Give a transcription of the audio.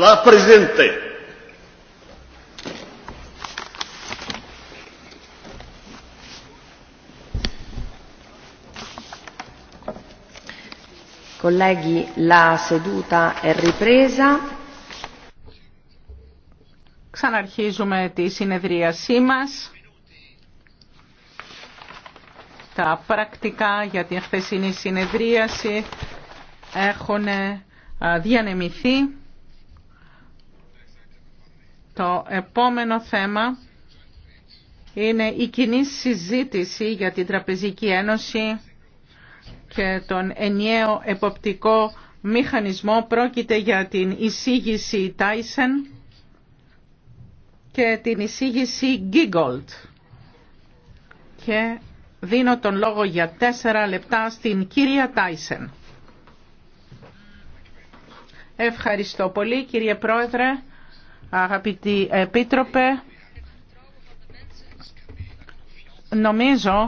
La Presidente. Colleghi, la seduta è ripresa. Ξαναρχίζουμε τη συνεδρίασή μας. Τα πρακτικά για την χθεσινή συνεδρίαση έχουν διανεμηθεί. Το επόμενο θέμα είναι η κοινή συζήτηση για την Τραπεζική Ένωση και τον ενιαίο εποπτικό μηχανισμό. Πρόκειται για την εισήγηση Tyson και την εισήγηση Giggold. Και δίνω τον λόγο για τέσσερα λεπτά στην κυρία Τάισεν. Ευχαριστώ πολύ κύριε Πρόεδρε. Αγαπητοί Επίτροπε, νομίζω